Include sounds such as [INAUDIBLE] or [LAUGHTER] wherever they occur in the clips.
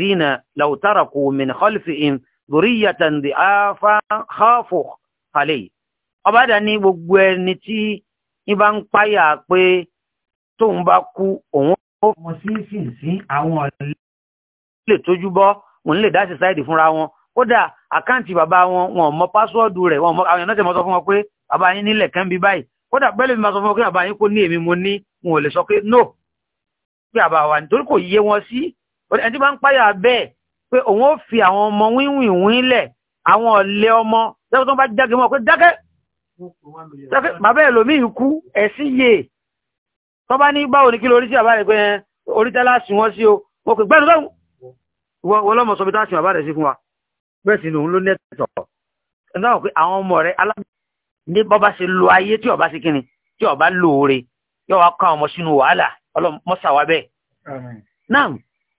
الذين لو تركوا من خلفهم ذرية ضعافا خافوا عليه ọba dà ní gbogbo ẹni tí ń ń páyà pé tóun bá kú òun ó mọ sí sínsín àwọn ọ̀lẹ́ lè tójú bọ́ òun lè dá sí fúnra wọn kódà àkáǹtì bàbá wọn wọn mọ pásíwọ́ọ̀dù rẹ̀ wọn àwọn èèyàn náà sọ fún wọn pé bàbá yín nílẹ̀ kan bí báyìí kódà pẹ́lú mi máa sọ fún wọn pé bàbá yín kò ní èmi mo ní wọn ò lè sọ pé no pé bàbá wa nítorí kò yé wọn sí ẹni tí bá ń páyà bẹ́ẹ̀ pé òun ó fi àwọn ọmọ wíwìn wín lẹ̀ àwọn ọ̀lẹ́ ọmọ lẹ́wọ́n tó ń bá jáde mọ́ pé dákẹ́ bàbá ẹ̀ lòmí ikú ẹ̀sí yè tó bá ní báwo ní kí lórí sí bàbá rẹ̀ pé oríta láti wọ́n sí o mo pè gbẹ́nu lọ́hùn wọ́n lọ́mọ sọ pé táàsì bàbá rẹ̀ sí fún wa bẹ́ẹ̀ sì lòun ló nẹ́tọ̀ ẹ̀dáwọ̀ pé àwọn ọmọ rẹ̀ ní bọ́bá ṣe lo ayé tí ọba ṣe kíni tí ọba lóore yóò wá kọ́ àwọn ọmọ sínú wàhálà ọlọ́mọ mọ́sà náà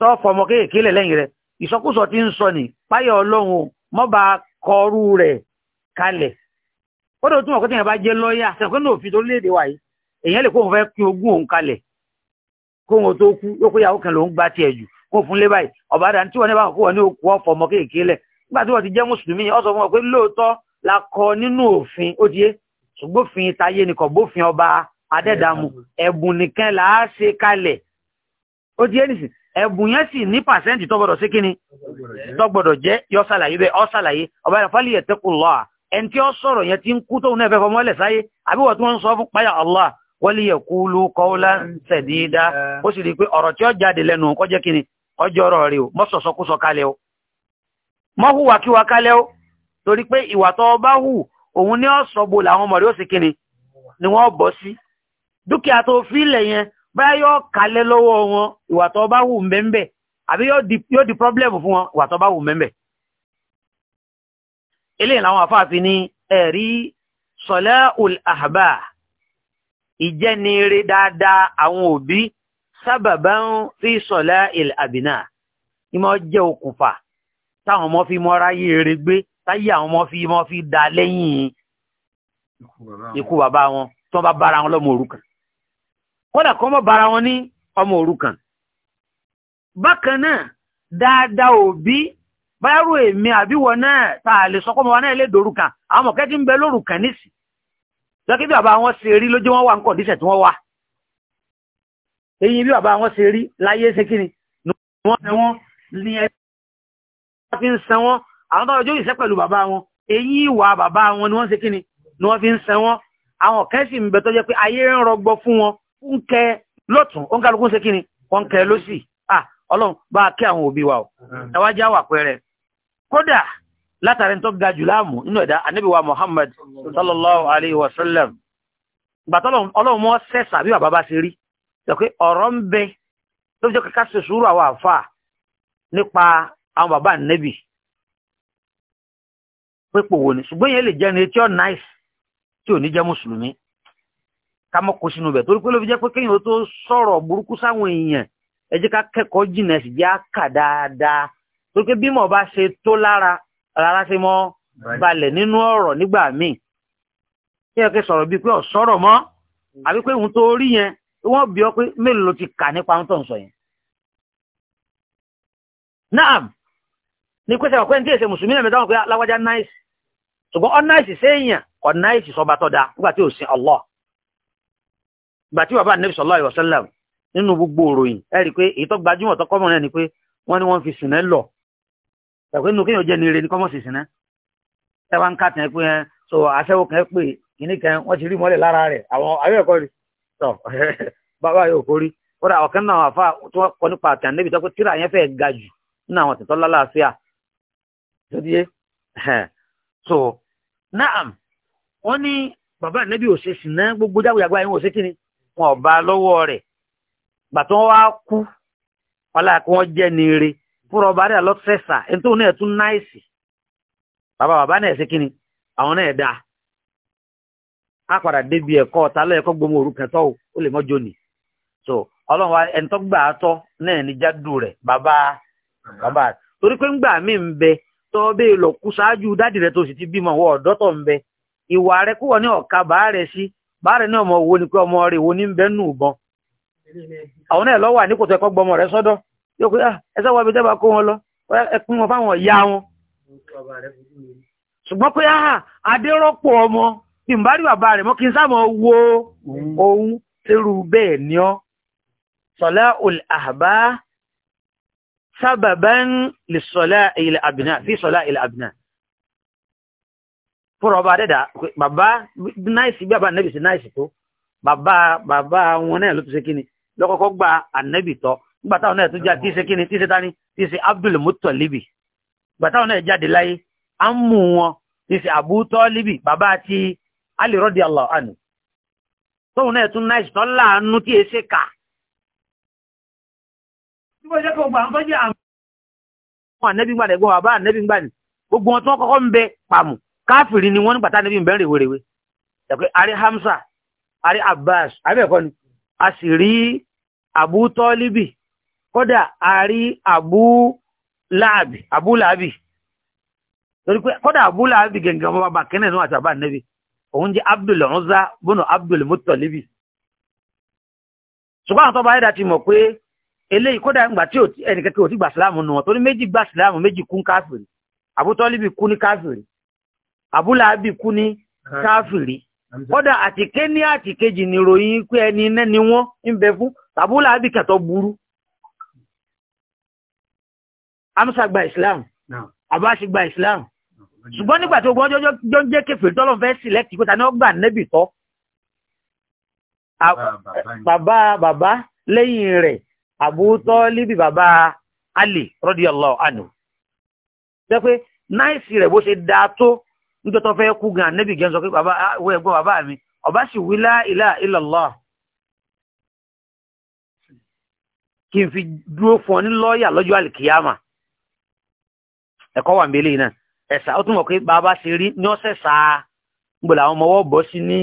tọ́ fọmọ kéèké lẹ̀ lẹ́yìn rẹ̀ ìsọkúsọ tí ń sọ ní páyọ̀ ọlọ́run o mọ́ bá kọrú rẹ̀ kalẹ̀ ó dẹ̀ túnmọ̀ kó tẹ̀yìn bá jẹ́ lọ́ọ̀yà sẹ́kọ́ ní òfin torílẹ̀-èdè wa yìí èèyàn lè kó òun fẹ́ kí ogún òun kalẹ̀ kó òun tó kú yóò kó yàwó kan lòún gba tiẹ̀ jù kó fún lé báyìí ọ̀bá tí wọ́n ní kó wọ́n ní òkú ọ̀fọ̀ kéèké lẹ̀ nígbà tí wọ́n ti jẹ́ mùsùlùmí yẹn sọ fún wọn pé lóòótọ́ la kọ nínú òfin ó ti yé ṣùgbófin tayé ni kò bófin ọba adẹ́dàmú ẹ̀bùn nìkan là á ṣe kalẹ̀ ó ti yé nìsín ẹ̀bùn yẹn sì ní pàṣẹ́ntì tó gbọdọ̀ sí kíni tó gbọdọ̀ jẹ́ yọ sàlàyé bẹ́ẹ̀ ọ sàlàyé ọba yẹn fálì ẹ̀tẹ́kù lọ́à ẹn tí ó sọ̀rọ̀ yẹn ti ń kú tóun náà fẹ́ sáyé àbí wọ́n tí wọ́n sọ fún páyà wọ́n lè yẹ kúlú kọ́ọ́lá ó sì rí i pé ọ̀rọ̀ tí ó jáde lẹ́nu kọ́ jẹ́ ọjọ́ ọ̀rọ̀ o mọ́ sọ̀sọ́kúsọ kalẹ̀ o o torí pé ìwà tó bá hù òun ní ọ̀sọ̀ fi ilẹ̀ yẹn báyá yóò kalẹ̀ lọ́wọ́ wọn ìwà tó bá wù mbẹ́mbẹ́ àbí yóò di problem fún wọn ìwà tó bá wù mbẹ́mbẹ́ eléyìí làwọn afáàfin ní ẹ̀rí sala'ul ahba ìjẹ́niire dáadáa àwọn òbí sababan fi sala'il abina ìmọ̀ jẹ́ okùnfà táwọn ọmọ fi mọ́ra yé eré gbé táyé àwọn ọmọ fi mọ́ fi dá lẹ́yìn ikú bàbá wọn tó bá bára wọn lọ́mọ òrukàn kódà kọ́ mọ́ bara wọn ní ọmọ òrukàn bákan náà dáadáa òbí báyàrú èmi àbíwọ náà tá a lè sọkọ́ mọ́ wa náà lè dòrukàn àwọn mọ̀kẹ́ ti ń bẹ lórukàn nísì lọ́kí bí bàbá wọn ṣe rí lójú wọn wà ń kọ̀díṣẹ̀ tí wọ́n wà èyí bí bàbá wọn ṣe rí láyé ṣe kí ni wọ́n fẹ́ wọ́n ní ẹ fi ń san wọ́n àwọn tó ọjọ́ ìṣẹ́ pẹ̀lú bàbá wọn èyí ìwà bàbá wọn ni wọ́n ṣe kí ni wọ́n fi ń san àwọn kẹ́sì ń bẹ tó jẹ́ pé ayé ń rọgbọ fún wọn ń kẹ lọ́tún ó ń kálukú ṣe kí ni kẹ ah ọlọ́run bá kí àwọn òbí wa o ẹwà jẹ́ wà pẹ́rẹ́ kódà látàrí tó ga jù láàmú nínú wa Muhammad sallallahu alayhi wa sallam ọlọ́run mọ́ sẹ́sà bí bàbá ṣe rí pé ń bẹ tó fi kíkà ṣe ká mọ́ kó sínú fi jẹ́ pé kéèyàn tó sọ̀rọ̀ burúkú sáwọn èèyàn ẹ jẹ́ ká kẹ́kọ̀ọ́ jìnnà sì jẹ́ àkà dáadáa ṣe tó lára rárá sọrọ bi nígbà pé àbí pé tó ọ pé mélòó ló ti kà nípa ohun tó ń yẹn. naam ní ní mùsùlùmí náà mẹ́ta wọn pé náìsì ṣùgbọ́n ọ náìsì ọ̀ náìsì gbàtí bàbá anabi sallallahu alaihi wasallam nínú gbogbo òròyìn ẹ rí i pé èyí tó gbajúmọ̀ tó kọ́mọ̀ náà ni pé wọ́n ní wọ́n fi sìnà lọ ẹ̀pẹ́ nínú kéèyàn jẹ́ ní ire ní kọ́mọ̀ sì sìnà ẹ wá ń ká tẹ̀ pé so aṣẹ́wó kan pè kíní kan wọ́n ti rí mọ́lẹ̀ lára rẹ̀ àwọn ayọ́ ẹ̀kọ́ rí tọ́ [LAUGHS] bàbá yóò kórí kódà ọ̀kan náà àfa tó kọ nípa àti ànẹ́bí tó pé tíra yẹn fẹ́ ga jù nínú àwọn tẹ̀tọ́ lálàáfíà tó so naam wọ́n ní bàbá ànẹ́bí ò ṣe sìnà gbogbo jáwèjàgbá yẹn ò ṣe kíni wọn ò lọwọ rẹ rẹ̀ gbàtọ́ kú ọlá kí wọ́n jẹ ní fúnra lọ́sẹ̀sà náà tún náìsì bàbá bàbá náà ṣe kíni àwọn náà dáa á padà débi ẹ̀kọ́ ọ̀tá lẹ́ẹ̀kọ́ gbọmọ ó lè so gbà náà ní rẹ̀ torí pé ngbà mí ń tọ́ lọ kú ṣáájú dádì tó báàrẹ̀ náà mọ̀ wo ni pé ọmọ rẹ̀ wo ní ń bẹ́nu ìbọn àwọn náà lọ́wọ́ àníkòtò ẹ̀kọ́ gbọmọ rẹ̀ sọ́dọ̀ yóò pé ah, ẹsẹ́ wọ́n ibi tẹ́bà kó wọn lọ ẹkún wọn fáwọn ìyá wọn ṣùgbọ́n pé ah, adérọ́pọ̀ ọmọ kí n bá rí bàbá rẹ̀ mọ́ kí n sáàmọ́ wo ohun tẹ́rù bẹ́ẹ̀ ni ọ́ sọ̀lá olàbá sábàbá ń lè sọ̀lá ilẹ̀ àbìnà fi sọ̀lá ilẹ̀ àbìnà fúnra ọba adẹ́dà bàbá náìsì bí bàbá ànẹ́bì sí náìsì tó bàbá bàbá wọn náà ló ti ṣe kíni lọ́kọ́kọ́ gba ànẹ́bì tọ́ nígbà táwọn náà tó já tí ṣe kíni tí ṣe tání tí ṣe Abdul Muttalibi nígbà táwọn náà jáde láyé á ń mú wọn tí ṣe Abu Talibi bàbá àti Ali radiyallahu anhu tóun náà tún náìsì tọ́ láàánú tí e ṣe kà. bí wọ́n jẹ́ kó gbà ń tọ́jú àwọn ànẹ́bì gbà ní gbogbo wọn tó kọ́kọ́ ń bẹ pàmù káfìrí ni wọ́n nígbà tá níbi ìbẹ̀rẹ̀ wèrèwé ẹ̀pẹ́ àrí Hamza àrí Abbas àbẹ̀kọ́ ni a sì rí Abu Tọ́líbì kódà àrí Abu Láàbì Abu Láàbì torí pé kódà Abu Láàbì gẹ̀ǹgẹ̀ ọmọ bàbá kẹ́nẹ̀ náà àti bàbá nẹ́bì òun jẹ́ Abdul Uzza bọ́nà Abdul Mutalibi ṣùgbọ́n àwọn tọ́ba ayédà ti mọ̀ pé eléyìí kódà ìgbà tí ẹnìkẹ́kẹ́ ò ti gbà síláàmù nù wọn torí méjì gbà síláàmù méjì kún káfìrí Abu Tọ́líbì kún ní káfìrí abúláàbì kú ní káfìrí kọ́dà àtìké ní àtìkéjì ní ròyìn pé ẹni iná ni wọ́n ń bẹ fún abúláàbì kẹtọ́ burú amsa islam abashi islam ṣùgbọ́n nígbà tó gbọ́n jọ jẹ́ kéfèé tọ́lọ̀ fẹ́ sílẹ̀kì pé ta ní ọgbà nẹ́bì tọ́ bàbá bàbá lẹ́yìn rẹ̀ àbútọ́ líbi bàbá Ali radiyallahu anhu jẹ́ pé náìsì rẹ̀ bó ṣe dáa tó níjọ́ tó fẹ́ kú gan ànábì gan sọ bàbá wọ bàbá mi ọba sì wí lá ilaha kí n fi dúró fún ọ ní lọ́ọ̀yà lọ́jọ́ àlìkìyàmà ẹ̀kọ́ wà mbélé náà ẹ̀sà ó tún mọ̀ pé bàbá ṣe rí ní ọ̀sẹ̀ sáà ń gbọ́dọ̀ àwọn ọmọ ọwọ́ bọ́ sí ní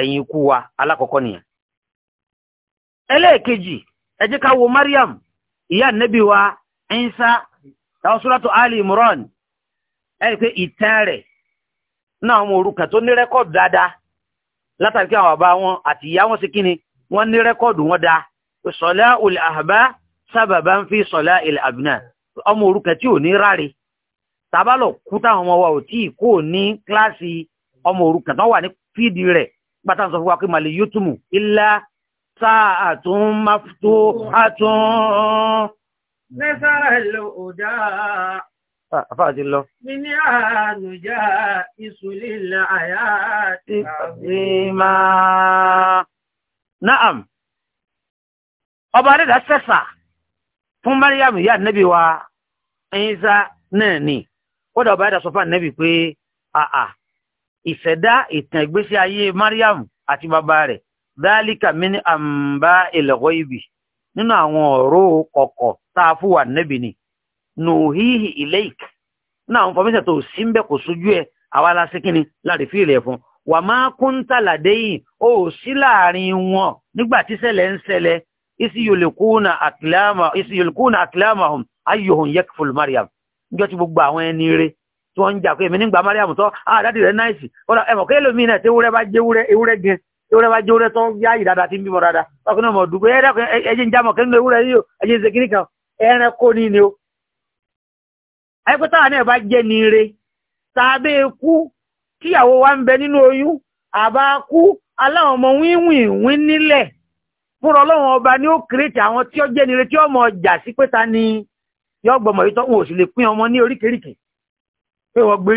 ẹ̀yìn ikú wa alákọ̀ọ́kọ́ nìyẹn ẹlẹ́ẹ̀kejì Mariam ìyá nẹ́bí ẹ̀ńsá táwọn pé ìtẹ́ náà àwọn òrukàn tó ní rẹ́kọ̀dù dáadáa látàrí kí àwọn bàbá wọn àti ìyá wọn sí kíni wọ́n ní rẹ́kọ̀dù wọn dáa sọ̀lá olè àhàbá sábàbá ń fi sọ̀lá ilẹ̀ àbínà ọmọ òrukàn tí ò ní ráre tàbálọ̀ kú táwọn ọmọ wa ò tí kò ní kíláàsì ọmọ òrukàn tó wà ní fídì rẹ̀ pátá sọ fún wa pé màlẹ̀ yótùmù ilá sáà àtún máfútó àtún. nẹ́sàrà lò ó dáa àfáà ti lọ. mi ní àlùjá ìsúlélà àyà àti àbímá. naam ọba adéda sẹ́sà fún mariam ìyá nẹ́bí wa ẹ̀yìnsá náà ni kódà ọba adéda sọ fún ànẹ́bí pé àà ìṣẹ̀dá ìtàn ìgbésí ayé mariam àti bàbá rẹ̀ dálíkà mi ní àmbá ìlẹ̀kọ́ ibì nínú àwọn ọ̀rọ̀ kọ̀kọ̀ tá a fún wa nẹ́bí ni nùhíhì iléik náà àwọn fọmíṣẹ̀ tó sí ń bẹ́ kò sójú ẹ̀ àwa la sí kíni láti e fi ilẹ̀ fún wà máa kún tàlà déyìn ó sí láàrin wọn nígbà tí ṣẹlẹ̀ ń ṣẹlẹ̀ isi yòlùkúnà àkìláàmà hùn ayòhùn yẹkfùl mariam níjọ́ tí gbogbo àwọn ẹni rẹ̀ tí wọ́n ń jà pé èmi nígbà mariam tó àdáàdì ah, rẹ̀ náìsì ọ̀rọ̀ ẹ̀mọ̀ kí èlòmí náà tí ewúrẹ́ bá jẹ́ ewúrẹ́ gẹ̀ ewúrẹ́ bá jẹ́ ewúrẹ́ tó yá ìdàdà tí ń bímọ dáadáa ọkùnrin ọmọ dùgbò ẹ̀ẹ́dẹ́kùn ẹ̀jẹ̀ ń jámọ̀ kí ẹ̀jẹ̀ ń ṣe kíníkan ẹ̀ẹ́rẹ́ kó ní ni ó na náà bá jẹ́ ní ire tàbí ikú tíyàwó wa ń bẹ nínú oyún àbá kú aláwọn ọmọ wíwìnwín nílẹ̀ fúnra ọlọrun ọba ni ó kìrìtì àwọn tí ó jẹ́ ní ire tí ọmọ ọjà sí pé ta ni yọ́gbọ̀mọ̀ yìí òsì lè pín ọmọ ní oríkèríkè pé ọba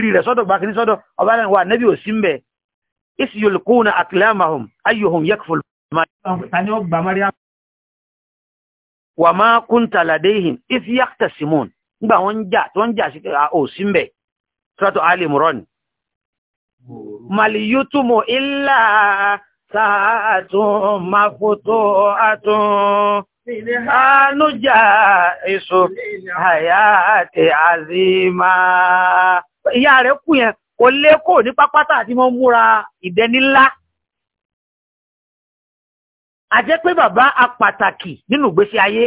ń nígbà wọ́n ń jà tí wọ́n ń jà sí òsì mbẹ̀ sọ́tò Ali Imran màlìyútùmù ilà sàátùn mafoto àtún ànújà èso àyàtì àzìmá ìyá rẹ̀ kú yẹn kò lé kò ní pápátá àti mọ́ múra ìdẹnilá àjẹ́ pé bàbá apàtàkì nínú ìgbésí ayé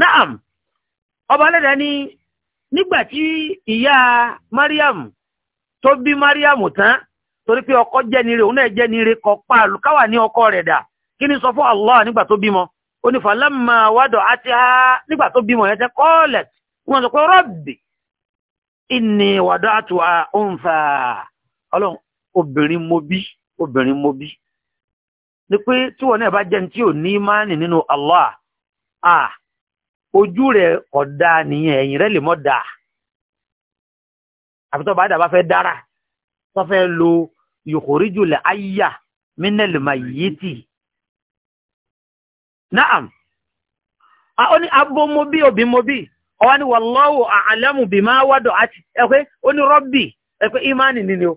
naam ọba lẹ́dàá ní nígbà tí ìyá mariam tó bí mariam tán torí pé ọkọ jẹ́ni rẹ̀ òun náà jẹ́ni rẹ̀ kọ pààlù káwà ní ọkọ rẹ̀ dà kí ni sọ fún allah nígbà tó bímọ ó ní fàlámà wádọ̀ àti ha nígbà tó bímọ yẹn tẹ́ kọ́ọ̀lẹ̀t wọ́n sọ pé rọ́bì ìní wàdọ̀ àtùwà òǹfà ọlọ́run obìnrin mo bí obìnrin mo bí ni pé tí wọn náà bá jẹ́ ní tí ò ní ìmánì nínú allah ah ojú rẹ̀ ọ̀dà nìyẹn ẹ̀yìn rẹ̀ lè mọ́ dà àfi tó bá dà bá fẹ́ dára tó fẹ́ lo yòkòríjù lẹ̀ ayà mínẹ́lì yìí tì naam ó ní ọwá ní bima wádọ̀ àti ẹ̀pẹ́ ó ní rọ́bì ẹ̀pẹ́ imani nínú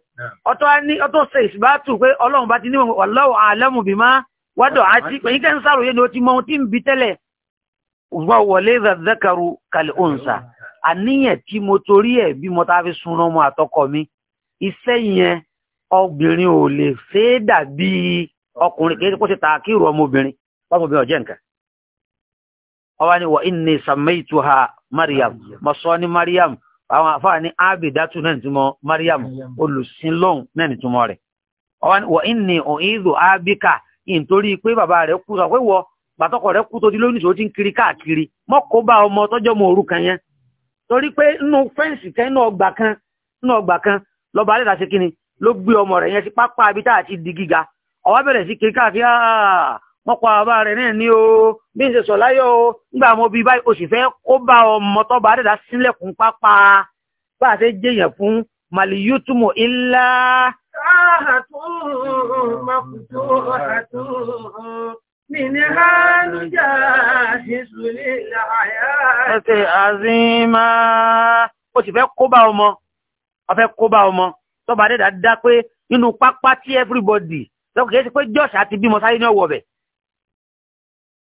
ọ̀tọ́ ṣe ìṣìbátù pé ọlọ́run bá ti bima wádọ̀ àti pẹ̀yìnkẹ́ ń sàròyé ni ó ṣùgbọ́n wọlé zakaru kàlí àníyàn tí mo torí ẹ bí mo ta fi sunra àtọkọ mi iṣẹ́ yẹn obìnrin ò lè ṣe é dàbí ọkùnrin kí kó ṣe ta kí ìrù ọmọbìnrin ọmọbìnrin ọ̀jẹ̀ nǹkan. ni wà inni samaituha mariam mo sọ mariam àwọn mariam olùsínlọ́hùn náà ni wà pàtọ́kọ̀ rẹ kú tó di lónìí tó ti ń kiri káàkiri mọ́kò bá ọmọ tọ́jọ́ mọ òru kan yẹn torí pé nínú fẹ́ǹsì kan nínú ọgbà kan nínú ọgbà kan lọ́ba alẹ́ láti kíni ló gbé ọmọ rẹ̀ yẹn sí pápá ibi tá di gíga ọwọ́ bẹ̀rẹ̀ sí kiri káàkiri mọ́kò àbá rẹ̀ náà ní o bí n ṣe sọ láyọ̀ o nígbà mo bí báyìí o sì fẹ́ kó bá ọmọ tọ́ba alẹ́ láti sílẹ̀kùn pápá bá a ṣe jẹ́yàn fún màlìyútùmù منها نجاهز للحياة عظيما ó sì fẹ́ kó bá ọmọ ó fẹ́ kó bá ọmọ tó bá dẹ́dà dá pé nínú pápá tí everybody lọ́kọ̀ kìí ṣe pé Josh àti bímọ sáyé ní ọwọ́ bẹ̀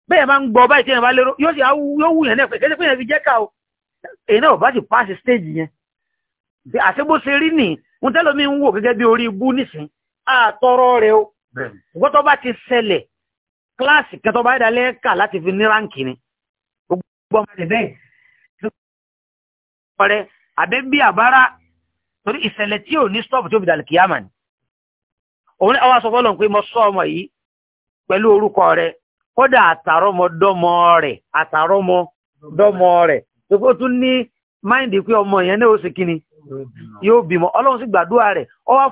bẹ́ẹ̀ máa ń gbọ́ báyìí tí èèyàn bá lérò yóò sì yóò wù yẹn náà pẹ̀lú pé èèyàn fi jẹ́ ká o èèyàn náà bá sì pàṣẹ stage yẹn àṣẹ bó ṣe rí nìyí wọn tẹ́lọ̀ mi ń wò gẹ́gẹ́ bí orí ibú nìsín àtọrọ rẹ o ṣùgbọ́n kíláàsì kẹtọ́ bá yẹ́dà láti fi ní ráǹkì gbogbo ọmọ rẹ̀ bẹ́ẹ̀ ọ̀rẹ́ bí àbára torí ìṣẹ̀lẹ̀ tí ò ní stọ́ọ̀pù tí ó fi ni òun ní àwọn asọ́fọ́ lọ́n sọ pẹ̀lú orúkọ kódà rẹ̀ rẹ̀ tó tún ní máìndì ọmọ yẹn náà ó sì yóò bímọ sì rẹ̀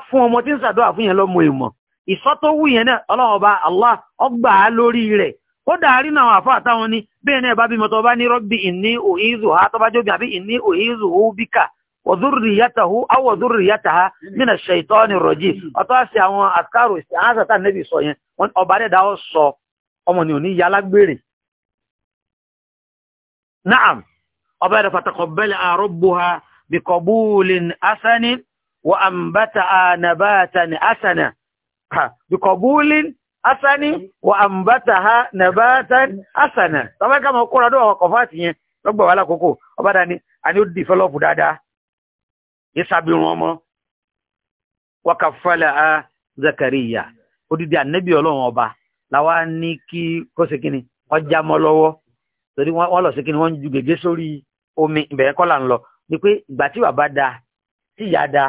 fún ọmọ tí ń fún yẹn ìsọ́tọ́wù yẹn náà ọlọ́ọ̀ba Allah ọgbà á lórí rẹ̀ ó dàárí náà àfọ́ àtàwọn ní bẹ́ẹ̀ náà bá bímọ tó bá ní rọ́bì ìní òhìzù ha tó bá jóbi àbí ìní òhìzù hó bíkà wọ̀dúrìyàtàhó awọ̀dúrìyàtàhá nínú ṣètọ́ ni rọ̀jì ọ̀tọ́ àṣẹ àwọn àkàrò ìsìn àásàtà nẹ́bì sọ yẹn ọba dẹ́dà ó sọ ọmọ ni ò ní yálà gbére na'am ọba ẹ̀dọ̀ fataqabbala rabbuha biqabulin hasanin wa ha bikọ̀búlín asani wa ambata ha nabatan asana tọ́bá ká mọ̀ kóra dọ́ ọkọ̀ fáti yẹn lọ́gbà wà lákòókò ọba dání a ní ó di fẹ́lọ́pù dáadáa ìsàbírun ọmọ wakafala a zakariya odidi anabi ọlọ́run ọba làwa ní kí kó ṣe kíni ọjà mọ́ lọ́wọ́ torí wọ́n lọ sí kíni wọ́n ju gègé sórí omi ìbẹ̀rẹ̀ kọ́ là ń lọ ni pé ìgbà tí bàbá da tí ìyá da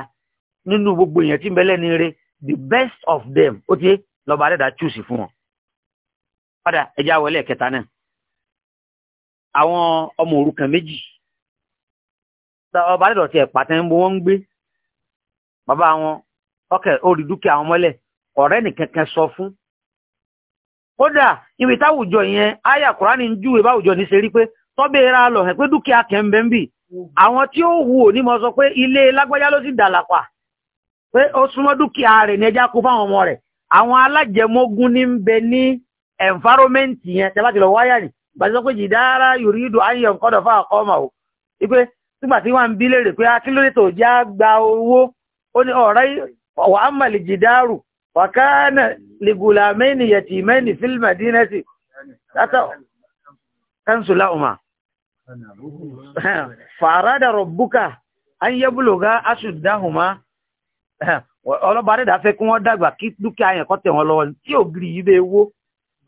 nínú gbogbo èèyàn tí ń bẹ lẹ́ni rẹ̀ the best of them okay. ti lọ́ba àdẹ́dà chúùsì fún wọn. padà ẹja wọlé ẹ̀kẹta náà àwọn ọmọ òrukàn méjì ọba àdẹ́dà ti ẹ̀pà tẹ́ ń bó wọ́n ń gbé bàbá wọn ọkẹ̀ orí dúkìá wọn mọ́lẹ̀ ọ̀rẹ́ nìkankan sọ fún kódà ibi táwùjọ yẹn àyà kùránì ń júwe báwùjọ ní ṣe rí pé tọ́bẹ̀ ra lọ hẹ̀ pé dúkìá kẹ̀ ń bẹ́ ń bì àwọn tí ó wù ò ní mọ sọ pé ilé lágbájá ló sì dàlàpà pé ó súnmọ́ dúkìá rẹ̀ ní ẹjá kó fáwọn ọmọ rẹ̀ àwọn alájẹmógún ní ń bẹ ní environment yẹn tẹ́ bá ti lọ wáyà nì gbàtí pé jìdára yorùdù ayọ̀ nkọ́dọ̀ fáwọn ọkọ o wípé nígbà tí wọ́n ń bí léèrè pé akílódé tó já gba owó ó ní ọ̀rẹ́ ọ̀wà àmàlì jìdáàrù wàkánà lìgùlà mẹ́ni yẹ̀tì mẹ́ni fílmà dínẹ́sì látà kánsùlá ọmọ fàrádà rọ̀bùkà an yẹ́bùlògá aṣùdáhùmá ọlọ́ba adẹ́dà fẹ́ kí wọ́n dàgbà kí dúkìá yẹn kọ́ tẹ̀ wọ́n lọ́wọ́ tí ògiri yìí bẹ́ẹ̀ wó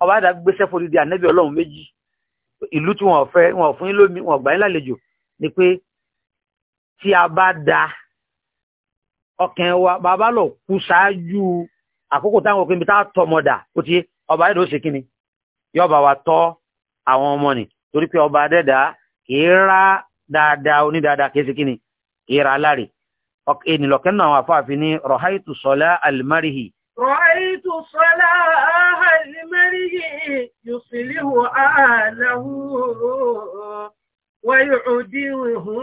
ọba adẹ́dà gbéṣẹ́ fòdìdí ànẹ́bí ọlọ́run méjì ìlú tí wọ́n fẹ́ wọ́n fún yín lómi wọ́n gbà yín lálejò ni pé tí a bá da ọkàn wa bàbá lọ kú ṣáájú àkókò táwọn òpin tá a tọ́ ọmọ dà ó ti ọba adẹ́dà ó ṣe kíni yóò bá wa tọ́ àwọn ọmọ nì torí pé ọba adẹ́dà kì í ra dáadáa onídáadáa kì í ṣe kíni kì í ra aláre ènìlọ̀kẹ́ náà àwọn àfáàfin ní rọ̀háìtù sọ́lá alìmárìhì rọ̀háìtù sọ́lá alìmárìhì yùsìlíhù ààlàhù wáyùdíhù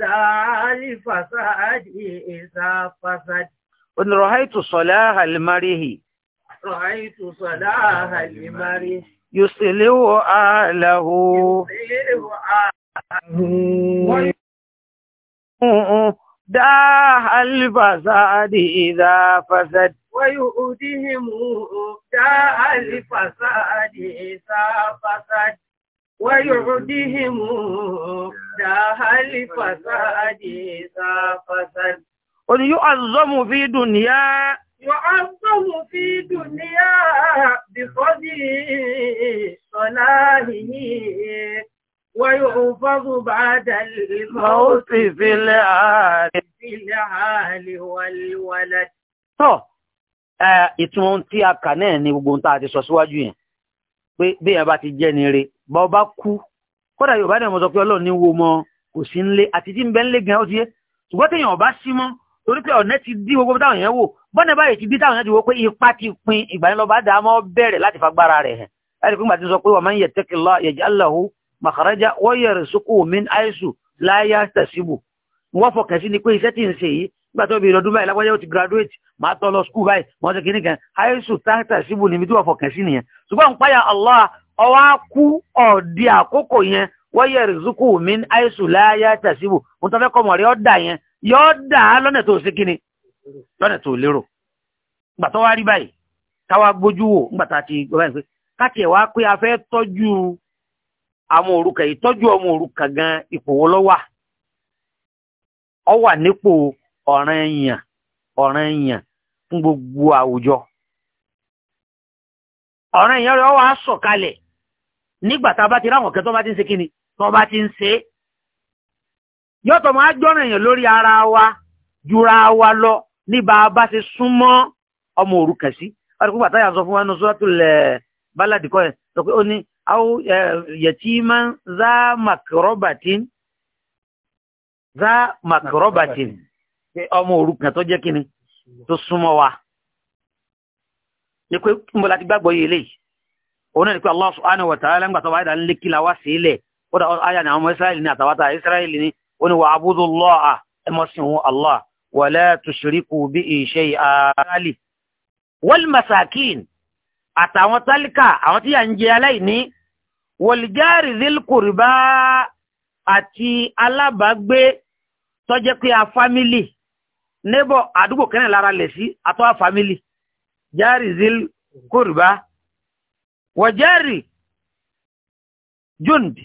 láàálì fàsáàdì ìsà fàsáàdì. ó ní rọ̀háìtù sọ́lá alìmárìhì rọ̀háìtù sọ́lá داح الفساد إذا فسد ويؤديهم داح الفساد إذا فسد ويؤديهم داح الفساد إذا فسد ويعظم في دنيا يعظم في دنيا بفضل صلاحه ويحفظ بعد الموت في الآخرة العال والولد tọ́ ìtún tí a kà náà ni gbogbo tá a ti sọ síwájú yẹn pé bí yẹn bá ti jẹ́ ni re bá ọ bá kú kódà yorùbá náà mo sọ pé ọlọ́run ní wo mọ kò sí nlé àti tí ń bẹ nlé gan ó ti yé ṣùgbọ́n téèyàn ọba sí mọ́ torí pé ọ̀nẹ́ ti dí gbogbo táwọn yẹn wò bọ́nẹ̀ báyìí ti dí táwọn yẹn ti wò pé ipa ti pin ìgbà yẹn mọ́ bẹ̀rẹ̀ láti fagbára rẹ̀ hẹ̀ láti pín gbàtí sọ pé wàmán yẹ tẹ́kìlá yẹjẹ́ aláhu màkàrájà wọ́yẹ̀rẹ̀ sókòwò min àìsù láyà tẹ̀síbù wọ́n fọkàn sí ni pé iṣẹ́ tí ń ṣe yìí nígbà tó bí ìrọ̀dún báyìí lápẹ́jẹ́ ti graduate máa tọ́ lọ skul báyìí wọ́n ṣe kìíní kan àìsù táǹtà síbù níbi tí wọ́n fọkàn sí nìyẹn ṣùgbọ́n ń páyà Allah ọwọ́ kú ọ̀dí àkókò yẹn wọ́n yẹ rìzúkù mi láyà mo tọ́ fẹ́ kọ́ ọ̀dà yẹn yóò dà á tó ṣe kíni tó lérò nígbà tó wá rí ọ wà nípò ọ̀ràn èèyàn ọ̀ràn èèyàn fún gbogbo àwùjọ ọ̀ràn èèyàn rẹ̀ ọ wà sọ̀kalẹ̀ nígbà tá a bá ti ráwọn kẹ́ tó bá ti ń ṣe kíni tó bá ti ń ṣe yọ́tọ̀ máa gbọ́ràn èèyàn lórí ara wa jura wa lọ ní bá a bá ṣe súnmọ́ ọmọ òrukàn sí ọdún pípa táyà sọ fún wa nù suratul eh, balad kọ́ ẹ̀ sọ pé ó ní eh, yatima za makrabatin za makrobatin pé ọmọ òrukàn tó jẹ́ kíni tó súnmọ́ wa ní pé mo láti gbàgbọ́ yìí eléyìí òun náà ni pé Allah subhanahu wa ta'ala ń gbàtọ́ wáyé dà ń lé kíla wá sí ilẹ̀ ó dà áyà ní àwọn israẹli ní àtàwátà israẹli ní ó ní wa'budu Allaha ẹ mọ́ sí òun Allah wa la tushriku bihi shay'an wal masakin àtàwọn tálíkà àwọn tí yà ń jẹ aláìní wal jari dhil àti alábàágbé tó jẹ́ pé a fámílì níbọ̀ àdúgbò kẹ́rin lára lẹ̀ sí àtọ́ fámílì jari zil kurba wọ jari jundi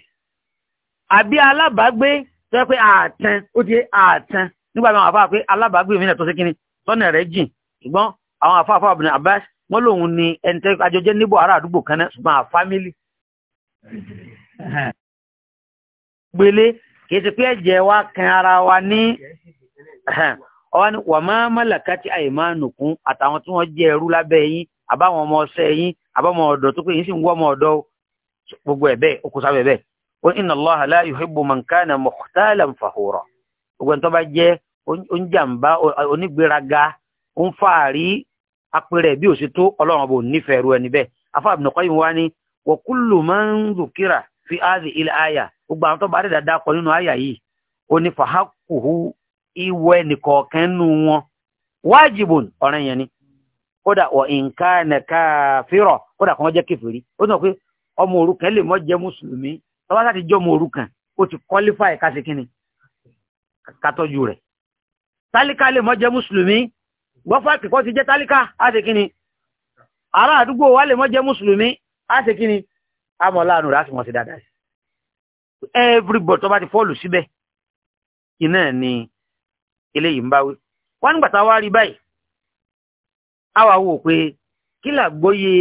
àbí alábàágbé tó jẹ́ pé ààtàn ó ti ààtàn nígbà àwọn àfáà pé alábàágbé mi náà tó sí kíní tọ́nà rẹ̀ jìn ṣùgbọ́n àwọn àfáà fáwọn Ibn Abbas wọ́n lòun ni ẹni tẹ́ àjọjẹ́ níbọ̀ ará àdúgbò kan náà ṣùgbọ́n a [LAUGHS] gbélé kìí ṣe pé ẹ̀jẹ̀ wa kan ara wa ní ọwọ́ ni wà máa mọ́lẹ̀ká tí àìmánùkún àtàwọn tí wọ́n jẹ́ ẹrú lábẹ́ yín àbáwọn ọmọ ọsẹ yín àbáwọn ọ̀dọ́ tó pé yín sì ń wọ́ ọmọ ọ̀dọ́ gbogbo ẹ̀ bẹ́ẹ̀ ó kó sábẹ́ bẹ́ẹ̀ ó inna Allaha la yuhibbu man kana mukhtalan fakhura gbogbo ẹni tó bá jẹ́ oníjàmbá onígbéraga ń fàárí apẹ̀rẹ̀ bí òṣètò ọlọ́run ọba fi áàzì ilẹ̀ àyà gbogbo àwọn tó bá dẹ̀ dáadáa kọ nínú àyà yìí ó ní fàákùhù ìwọ ẹnìkọ̀ọ̀kan nù wọn wájibùn ọ̀ràn yẹn ni kódà wọ nǹkan nẹ̀ka fírọ̀ kódà kan jẹ́ kẹfìrí ó sọ pé ọmọ òrukàn lè mọ́ jẹ́ mùsùlùmí tọ́wọ́ láti jẹ́ ọmọ òrukàn ó ti qualify kásì kínni kátọ́jú rẹ̀ tálíkà lè mọ́ jẹ́ mùsùlùmí gbọ́fà kìkọ́ ti jẹ́ tálíkà á ṣe kínni ará àdúgbò wa lè mọ́ jẹ́ mùsùlùmí á ṣe kínni àmọ́ láàánú rẹ̀ á sì mọ̀ sí dáadáa sí tó bá ti fọ́ọ̀lù síbẹ̀ iná ni eléyìí ń bá wọ́n nígbà tá a wá rí báyìí a wá wò pé kí làgbóye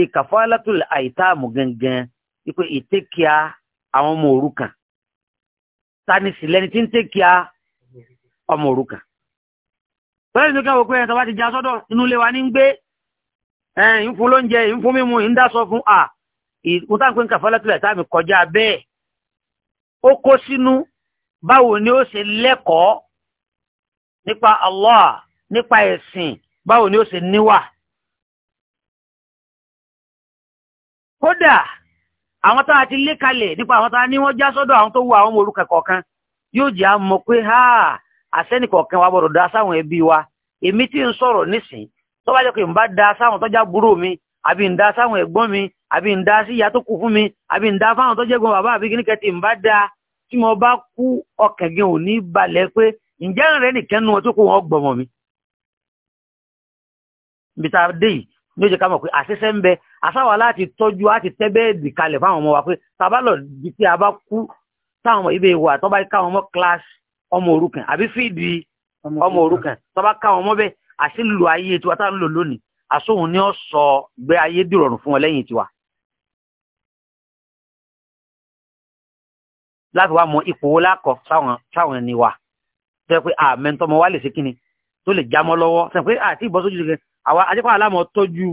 gangan wípé ìtẹ́kíá àwọn ọmọ òrukàn tani sì lẹni tí ń ọmọ òrukàn pẹ̀lú ìdókè àwọn òkú tó bá ti já sọ́dọ̀ inú ilé wa ní gbé ń fún lóúnjẹ ń fún mímu ń fún a. mo tá à ń pè ń kàfọ́lẹ́tìlẹ̀ kọjá bẹ́ẹ̀ ó kó sínú báwo ni ó ṣe lẹ́kọ̀ọ́ nípa Allah nípa ẹ̀sìn báwo ni ó ṣe níwà. kódà àwọn tá a ti lé kalẹ̀ nípa àwọn tá a ní wọ́n já sọ́dọ̀ àwọn tó wù àwọn ọmọ òrukàn kọ̀ọ̀kan yóò jẹ́ a mọ̀ pé ha àsẹ́nìkọ̀ọ̀kan wà gbọ́dọ̀ da sáwọn ẹbí wa èmi tí ń sọ̀rọ̀ nísìn tó bá jẹ́ pé n bá da sáwọn tọ́já burú mi àbí ń dá sáwọn ẹ̀gbọ́n mi àbí ń dá sí ìyá tó kù fún mi àbí ń dá fáwọn tó jẹ́gbọ́n bàbá àbí kíní kẹtì ń bá da tí mo bá kú ọkàn gan ò ní balẹ̀ pé ǹjẹ́ rẹ̀ nìkan nu wọn tó kù wọn gbọ̀mọ̀ mi. ibi tá ní ó jẹ́ ká mọ̀ pé àṣẹṣẹ́ ń bẹ àṣàwà láti tọ́jú láti tẹ́ kalẹ̀ fáwọn ọmọ wa pé tàbá lọ di tí a bá kú táwọn ọmọ ibẹ̀ wà tọ́ bá káwọn ọmọ kíláàsì ọmọ òrukàn àbí fíìdì ọmọ òrukàn tọ́ bá káwọn ọmọ bẹ́ẹ̀ àṣìlù ayé tiwa tá lò lónìí asóhun ni ó sọ gbé ayé dìrọ̀rùn fún wọn lẹ́yìn tiwa. láti wá mọ ipò wo lákọ sáwọn ẹni wa tó yẹ pé àmẹ́ntọ́mọ wa lè ṣe kíni tó lè jámọ́ lọ́wọ́ sẹ́n pé àti ìbọ́sójú ṣe àwa ajẹ́pọ̀ aláàmọ́ tọ́jú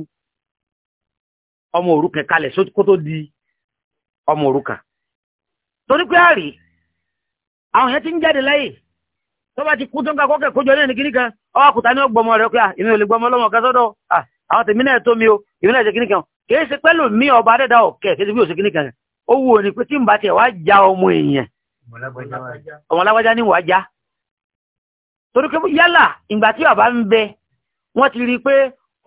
ọmọ òrukàn kalẹ̀ kó tó di ọmọ òrukàn torí pé àrí àwọn yẹn ti ń jáde lẹ́yìn tó bá ti kú tó ń ka kọ́kẹ́ kójọ ní ẹnìkíní kan ọwọ́ àkùtà ní ọgbọmọ rẹ̀ pé ah, èmi ò lè gbọmọ ọlọ́mọ kan sọ́dọ̀ ah, àwọn tèmi náà tó mi o èmi náà ṣe kíní kan kì í ṣe pẹ́lú mi ọba adẹ́dá ọ̀kẹ́ kì í ṣe bí ò ṣe kíní kan ó wù ó ní pé tí n bá tiẹ̀ wá já ọmọ èèyàn ọmọ alágbájá ní wàá já torí pé yálà ìgbà tí bàbá ń bẹ wọ́n ti rí i pé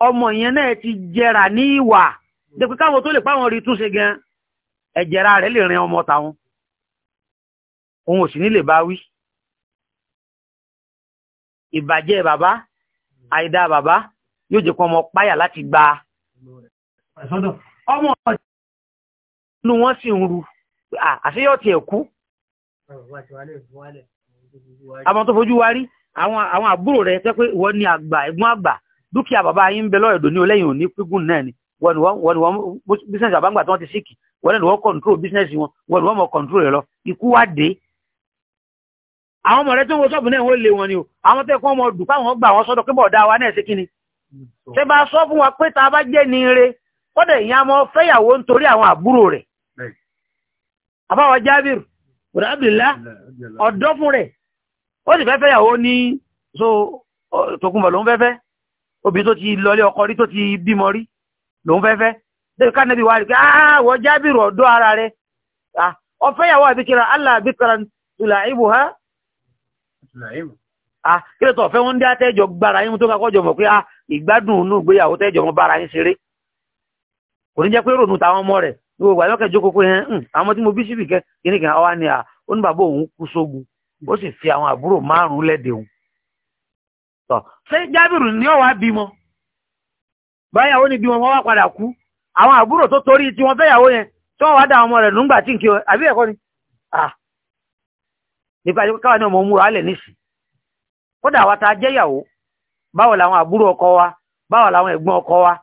ọmọ yẹn náà ti jẹrà ní ìwà dèpè káwọn tó lè páwọn rí túnṣe gan ẹ̀jẹ̀ra rẹ̀ lè rin ọmọ tàwọn òun ò sì ní lè bá wí ìbàjẹ́ bàbá àìdá bàbá yóò jẹ́ kó ọmọ páyà láti gba ọmọ inú wọn sì ń ru àṣeyọ́ tiẹ̀ kú àwọn tó fojú wa rí àwọn àbúrò rẹ̀ tẹ́ pé wọ́n ní àgbà ẹ̀gbọ́n àgbà dúkìá bàbá yín ń bẹ lọ́ọ̀dọ̀ ní olẹ́yìn òní pígùn náà ni wọ́n ni wọ́n bísíǹsì àbáǹgbà tí wọ́n ti síkì wọ́n ni wọ́n kọ̀ǹtró bísíǹsì wọn wọ́n ni wọ́n mọ̀ kọ̀ǹtró rẹ̀ lọ ikú wá dé àwọn ọmọ rẹ tó ń wo ṣọ́ọ̀bù náà wọ́n lè wọn ni o àwọn tó ẹ̀kọ́ ọmọ ọdún fáwọn ọgbà àwọn sọ́dọ̀ pé bọ̀dá wa náà ṣe kí ni ṣe mm, bá sọ fún wa pé ta bá jẹ́ ni ire kọ́dọ̀ ìyá ọmọ fẹ́yàwó àwọn àbúrò rẹ̀ jábìrì ọ̀dọ́ fún rẹ̀ ó sì fẹ́yàwó ní so lòún fẹ́fẹ́ obì tó ti lọlé ọkọ rí tó ti bímọ rí lòún fẹ́fẹ́ débi ká pé ah, jábìrì ọ̀dọ́ ara rẹ̀ ah, kí ló tọ̀ fẹ́ wọ́n ń dá tẹ́jọ gbára yín tó kakọ́ jọmọ̀ pé ìgbádùn inú ìgbéyàwó tẹ́jọ mọ́ bára yín ṣeré kò ní jẹ́ pé rònú táwọn ọmọ rẹ̀ ní gbogbo àyọ́kẹ́ jókòó pé hẹ́n àwọn tí mo bí síbì kẹ́ kíní kan wá ní à ó ní bàbá òun kú sógun ó sì fi àwọn àbúrò márùn lẹ́dẹ̀ òun. tọ́ ṣé jábìrù ni ọ̀wá bímọ báyàwó ni bímọ wọn wá padà kú àwọn àbúrò tó torí tí wọn fẹ́yàwó yẹn tí wọ́n wá dá ọmọ rẹ̀ nùgbà nípa ìjọba káwọn náà mọ̀ múra alẹ̀ nísì kódà wa ta jẹ́yàwó báwo làwọn àbúrò ọkọ wa báwo làwọn ẹ̀gbọ́n ọkọ wa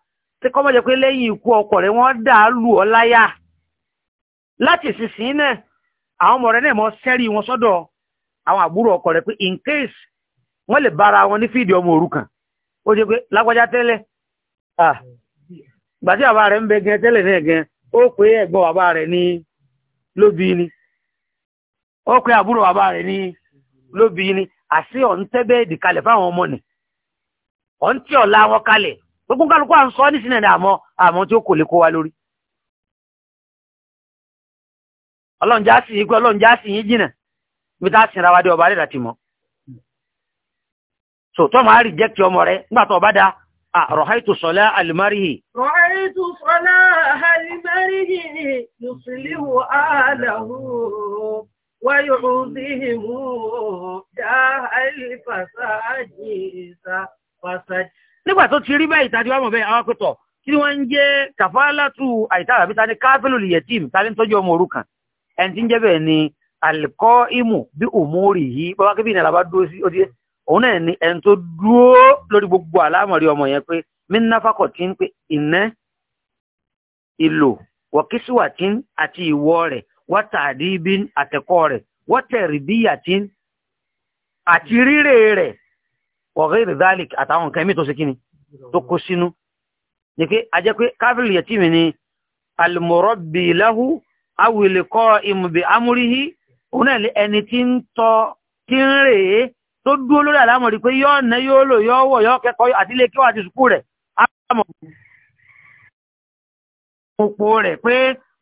tí kọ́mọ́ jẹ́ pé lẹ́yìn ikú ọkọ rẹ̀ wọ́n dà á lù ọ́ láyà láti ìsinsìn náà àwọn ọmọ rẹ̀ náà sẹ́rí wọn ọkọ rẹ̀ pé in case wọ́n lè wọn ní fídíò ọmọ ó pé lágbájá tẹ́lẹ̀ gbàtí rẹ̀ ń bẹ gan tẹ́lẹ̀ náà gan ó pé ẹ̀gbọ́n rẹ̀ ní lóbi ó pe àbúrò bàbá rẹ̀ ní lóbi ni ọ ọ̀ ń tẹ́ fáwọn ọmọ nì ọ̀ ọ̀la wọn kalẹ̀ gbogbo kálukú à ń sọ nísìnyẹn ní àmọ́ àmọ́ tí ó kò lè kó wa lórí. ọlọ́run já sí pé jìnà tá a sinra wa dé ọba rẹ̀ mọ́. tọ́ máa rìjẹ́kì ọmọ nígbà tó ọba dá ويعظهم داء الفساد فساد nígbà tó ti rí bẹ́ẹ̀ ìtàdí wà mọ̀ bẹ́ẹ̀ àwọn akẹ́tọ̀ kí ni wọ́n ń jẹ́ kàfálàtù àìtàràbí ta ni káfílù lìyẹ̀tìm ta ni tọ́jú ọmọ òrukàn ẹni tí ń jẹ́ bẹ́ẹ̀ ni alikọ́ imù bí òmórì yìí bọ́wá kébì ní alábá dúró sí ọdí òun náà ni ẹni tó dúró lórí gbogbo àlámọ̀rí ọmọ yẹn pé mí náfàkọ̀ tí ń pé ìná ìlò wọ̀kísùwà tí wátàdíbín àtẹ̀kọ́ rẹ̀ wọ́tẹ̀rìbíyàtín àti rírè rẹ̀ ọ̀rẹ́ ìrìdálì àtàwọn nǹkan mìí tó ṣe kíni tó kó sínú ní pé a jẹ́ pé káfíìlì yẹtí mi ni almọ̀rọ̀bì láhú awìlẹ̀kọ́ ìmùbì amúríhí òun náà ẹni tí anything to tí ń rè é tó dúró lórí àlámọ̀rí pé yọ́ ọ̀nà yóò lò yọ́ wọ̀ yọ́ kẹ́kọ̀ọ́ àti ilé kíwà àti sùkú rẹ̀ àmọ̀ òpó rẹ̀ pé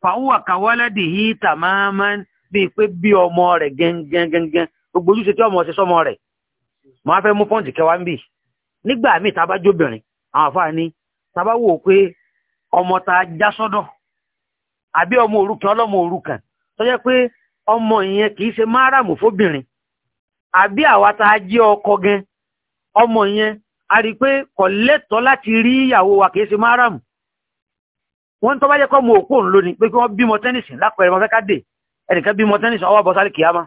fàáwà kàwálẹ́dì yìí tà máa máa ń bíi pé bí ọmọ rẹ̀ gẹ́ngẹ́ngẹ́ngẹ́ gbogbo ojúṣe tí ọmọ ṣe sọmọ rẹ̀ máa fẹ́ mú pọ́ǹtì kẹwàá ń bì nígbà míì tá a bá jóbìnrin àwọn ní tá bá wò pé ọmọ ta já ọmọ òrukàn ọlọ́mọ tó ọmọ ìyẹn kì í ṣe fóbìnrin àbí àwa ọkọ gan ọmọ ìyẹn a rí i pé láti wa kì í ṣe wọ́n tó bá jẹ́ kọ́ mọ òkú òun lónìí pé kí wọ́n bímọ tẹ́nìsì lápẹẹrẹ wọn fẹ́ ká dè ẹnìkan bímọ tẹ́nìsì ọwọ́ bọ́ sáré kìámá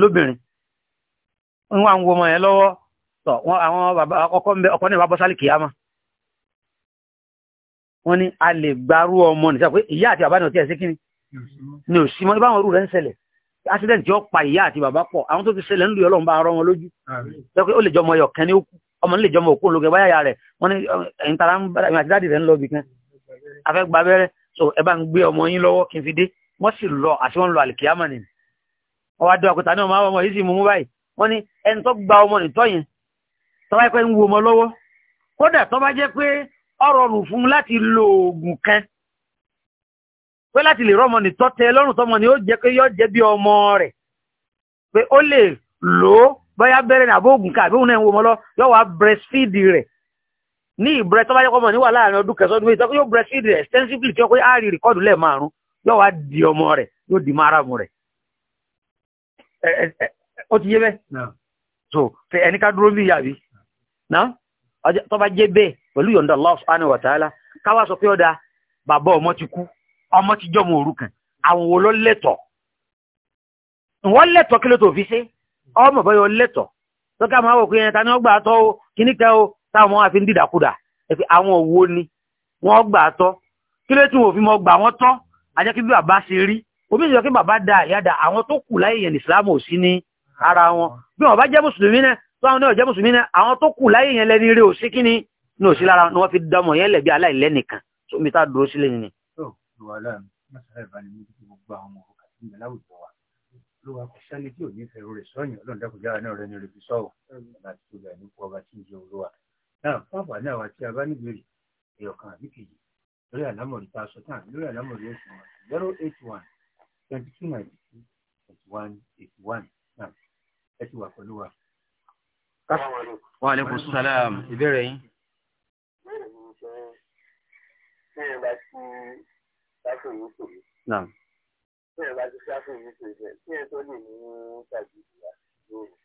lóbìnrin wọ́n wà ń wo ọmọ yẹn lọ́wọ́ tọ̀ wọ́n àwọn ọkọ ń bẹ ọkọ náà wà bọ́ sáré wọ́n ní a lè gbarú ọmọ nìkan pé ìyá àti bàbá náà ti ẹ̀ sí kíni ni ò sí mọ́ ibà àwọn accident yóò pa ìyá àti bàbá pọ̀ àwọn tó ti ṣẹlẹ̀ ń lu ọlọ́run bá arọ́ wọn lójú ó lè jọmọ ọyọ̀ kan ní òkú afẹ́ gba abẹ́rẹ́ so ẹ bá ń gbé ọmọ yín lọ́wọ́ kí n fi dé wọ́n sì lọ àti wọ́n lọ àlìkíyàmà ni wọ́n wá dé ọkùnrin tani ọmọ àwọn ọmọ yìí sì mú mú báyìí wọ́n ní ẹni tó gba ọmọ nìtọ́ yẹn tó bá yẹ pé ń wo ọmọ lọ́wọ́ kódà tó bá jẹ́ pé ó rọrùn fún un láti lo oògùn kan pé láti lè rọ́mọ nìtọ́ tẹ lọ́rùn tọmọ ni ó jẹ́ pé yóò jẹ́ bí ọmọ rẹ̀ pé ó lè lò ó bóyá bẹ́rẹ̀ ní àbóògùn ká àbí òun náà ń wo ọmọ lọ yóò wá breastfeed rẹ̀ ní ìbẹ̀rẹ̀ tó bá yẹ kọ́mọ̀ níwà láàrin ọdún kẹsàn-án méjì tọ́kọ́ yóò bẹ̀rẹ̀ sí rẹ̀ extensively tí ó pé àárín rìkọ́dù lẹ́ẹ̀márùn yóò wá di ọmọ rẹ̀ yóò di máramu rẹ̀ ó ti yé bẹ́ẹ̀ so ẹni ká dúró bí yàbí tó bá jẹ́ bẹ́ẹ̀ pẹ̀lú yọ̀ǹda Allah subhanahu wa ta'ala káwá sọ pé ọ̀dà bàbá ọmọ ti kú ọmọ ti jọmọ òrukàn àwọn wo ló lẹ́tọ̀ wọ́n lẹ́tọ̀ kí ló tó fi ṣe ọmọ bọ́yọ̀ táwọn ọmọ wa fi ń dìdàkudà ẹ pé àwọn òwò ni wọ́n gbà á kí ló tún òfin mọ́ gbà wọ́n tọ́ ajẹ́ kí bàbá ṣe rí omi ìjọ kí bàbá da ìyá da àwọn tó kù láyé yẹn ìsìlámù ò sí ní ara wọn bí wọn bá jẹ́ mùsùlùmí náà tó àwọn náà jẹ́ mùsùlùmí náà àwọn tó kù láyé yẹn lẹ́ni rí ò sí kí ni ní òsí lára ni wọ́n fi dámọ̀ yẹn lẹ̀bi aláìlẹ́nìkan tó mi tá dúró sílé ni. Olúwa kò sálé tí ò ní fẹ́ rẹ̀ sọ́yìn ọlọ́run dákòjá náà rẹ̀ ní rẹ̀ fi sọ́ọ̀. Ọba tí ó ní kú ọba tí ń jẹ olúwa náà fún àǹfààní àwọn àti abánibèrè ẹ̀yọ̀kan àbí kejì lórí àlámọ̀rí tá a sọ tán lórí àlámọ̀rí ẹ̀sìn wọn zero eight one twenty two ninety two eight one eighty one náà ẹ ti wà pẹ̀lú wa. wa aleykum salaam ìbéèrè yín. Náà. Bí ẹ bá ti ṣáfù yìí ṣe jẹ́, bí ẹ tó lè ní ṣàjèjì àti ìgbòho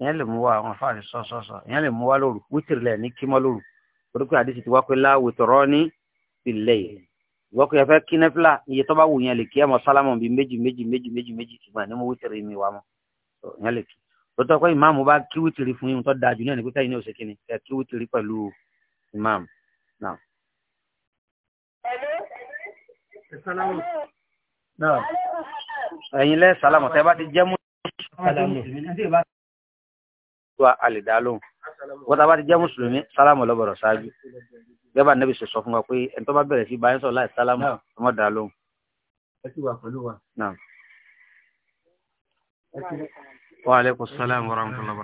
ìyẹn lè mú wa àwọn afáàní sọ́sọ́sọ́ ìyẹn lè mú wa lóru wítìrì lẹ̀ ní kímọ́ lóru orúkọ àdìsí ti wá pé láwù tọrọ ní ìpìlẹ̀ yìí ìwọ́n kò yẹ fẹ́ kí nẹ́fìlà iye tó bá wù yẹn lè kí ẹmọ sálámù bíi méjì méjì méjì méjì méjì ṣùgbọ́n ní mo wítìrì mi wà mọ́ ìyẹn lè kí lótọ́ pé ìmáàmù bá kí wítìrì fún yín tó dáa jù náà ní pípẹ́ yín ní òsè kínní ẹ kí wítìrì pẹ̀lú ìmáàmù náà. ẹ̀yin lẹ́ sálámù tẹ́ bá ti jẹ́ mú sálámù tó a lè dá lóhùn wọ́n tá a bá ti jẹ́ mùsùlùmí sálámù lọ́bọ̀rọ̀ ṣáájú gẹ́gbà nẹ́bí ṣe sọ fún wa pé ẹni tó bá bẹ̀rẹ̀ sí báyìí sọ láì sálámù ọmọ dá ẹ ti wà pẹ̀lú wa. wa aleykum salaam wa rahmatulah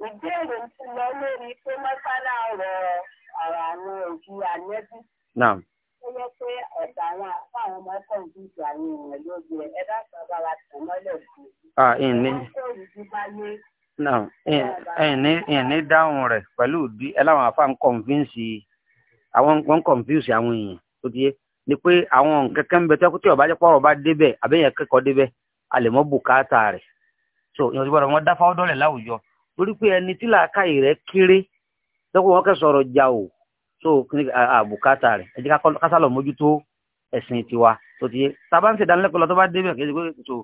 wa ìbéèrè ti lọ lórí pé mọ́sálà ọ̀rọ̀ àwọn òbí ànẹ́bí tó yẹ pé ọ̀dà àwọn àpá àwọn ọmọ ẹ̀kọ́ ìdíje àwọn èèyàn ló gbé ẹ̀dá kan bá wa tẹ̀ mọ́lẹ̀ sí i. ìní ìní ìní dáhùn rẹ̀ pẹ̀lú bí ẹ láwọn àfa ń kọ̀nfíǹsì àwọn ń kọ̀nfíǹsì àwọn èèyàn tó ti yé ni pé àwọn nǹkan kan ń bẹ tó tí ọba jẹ́ pọ̀rọ̀ bá débẹ̀ àbẹ́yẹn kẹ́kọ̀ọ́ débẹ̀ a lè mọ́ bùkátà rẹ̀ so ìyọ̀sí gbọ́dọ̀ wọn dáfáwọ́ láwùjọ torí pé ẹni tí làákàyè rẹ̀ kéré lọ́pọ̀ wọn kẹ́ sọ̀rọ̀ jà o so àbùkátà rẹ̀ ẹ jẹ́ kásálọ̀ mójútó ẹ̀sìn tiwa tó ti yé sábà ń ṣèdánilẹ́kọ̀ọ́ lọ tó bá débẹ̀ kí ẹ jẹ́ pé so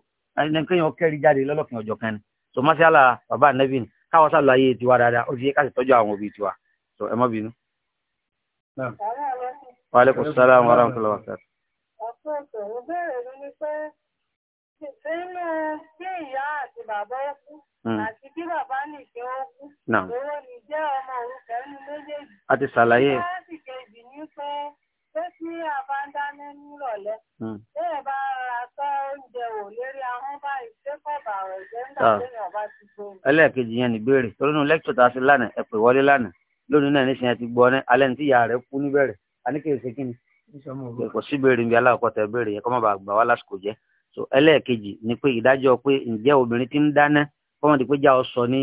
ẹnìkéyàn kẹ́rì jáde lọ́lọ́kìn ọjọ́ kan ni so mọ́ṣálà bàbá nẹ́bì nevin. káwọn sálọ ayé tiwa dáadáa ó ti yé ká sì tọ́jú àwọn òbí tiwa so ẹ má bínú. wa alaikum salaam wa rahmatullahi wa barakatuh. ọ̀pọ̀ ọ̀pọ̀ mo bẹ̀rẹ̀ lórí pé sínú bí ìyá àti bàbá ó kú hmm. àti bí bàbá nìkan ó kú owó ni jẹ́ ọmọ òrukàn ní méjèèjì. a ti ṣàlàyé. láti kejì ní pé pé tí a bá ń dáná nírọ̀lẹ́ hmm. bẹ́ẹ̀ bá ra sọ oúnjẹ wò lórí ahọ́n báyìí ṣé kò bà rẹ̀ jẹ́ nígbà ah. téèyàn bá ti gbé. ẹlẹ́ẹ̀kejì yẹn nìbéèrè torí nu lẹ́kítọ̀ tá a ṣe lánàá ẹ pè wọlé lánàá lónìí náà níṣìyẹn ti gbọ́ alẹ́ ní tí ìyá rẹ̀ kú níbẹ̀rẹ̀ àníkèé ṣe kí ni. kò sí níbi aláwọ̀ kọ́tà béèrè yẹn kọ́ má bàa gbà wá lásìkò jẹ́ so ẹlẹ́ẹ̀kejì ni pé ìdájọ́ pé ǹjẹ́ obìnrin ti ń dáná fọwọ́n ti pé já ọ sọ ní